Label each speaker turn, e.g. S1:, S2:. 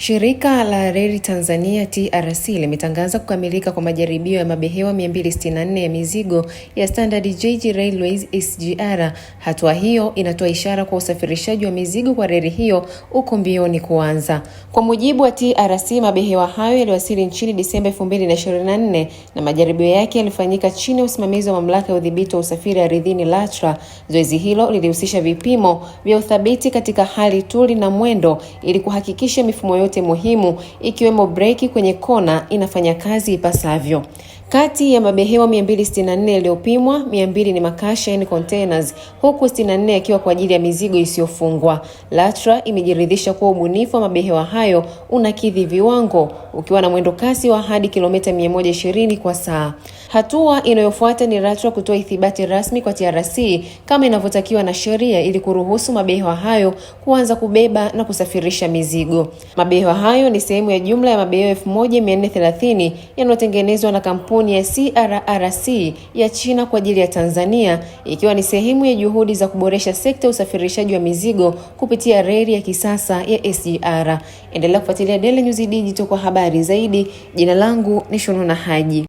S1: Shirika la Reli Tanzania TRC limetangaza kukamilika kwa majaribio ya mabehewa 264 ya mizigo ya standard gauge railways SGR. Hatua hiyo inatoa ishara kwa usafirishaji wa mizigo kwa reli hiyo uko mbioni kuanza. Kwa mujibu wa TRC, mabehewa hayo yaliwasili nchini Disemba 2024 na majaribio yake yalifanyika chini ya usimamizi wa Mamlaka ya Udhibiti wa Usafiri Ardhini LATRA. Zoezi hilo lilihusisha vipimo vya uthabiti katika hali tuli na mwendo ili kuhakikisha mifumo yote muhimu ikiwemo breki kwenye kona inafanya kazi ipasavyo. Kati ya mabehewa 264 yaliyopimwa, 200 ni makasha yani containers, huku 64 yakiwa kwa ajili ya mizigo isiyofungwa. LATRA imejiridhisha kuwa ubunifu wa mabehewa hayo unakidhi viwango ukiwa na mwendo kasi wa hadi kilomita 120 kwa saa. Hatua inayofuata ni LATRA kutoa ithibati rasmi kwa TRC kama inavyotakiwa na sheria ili kuruhusu mabehewa hayo kuanza kubeba na kusafirisha mizigo. Mabehewa Mabehewa hayo ni sehemu ya jumla ya mabehewa 1430 yanayotengenezwa na kampuni ya CRRC ya China kwa ajili ya Tanzania, ikiwa ni sehemu ya juhudi za kuboresha sekta ya usafirishaji wa mizigo kupitia reli ya kisasa ya SGR. Endelea kufuatilia Daily News Digital kwa habari zaidi. Jina langu ni shununa Haji.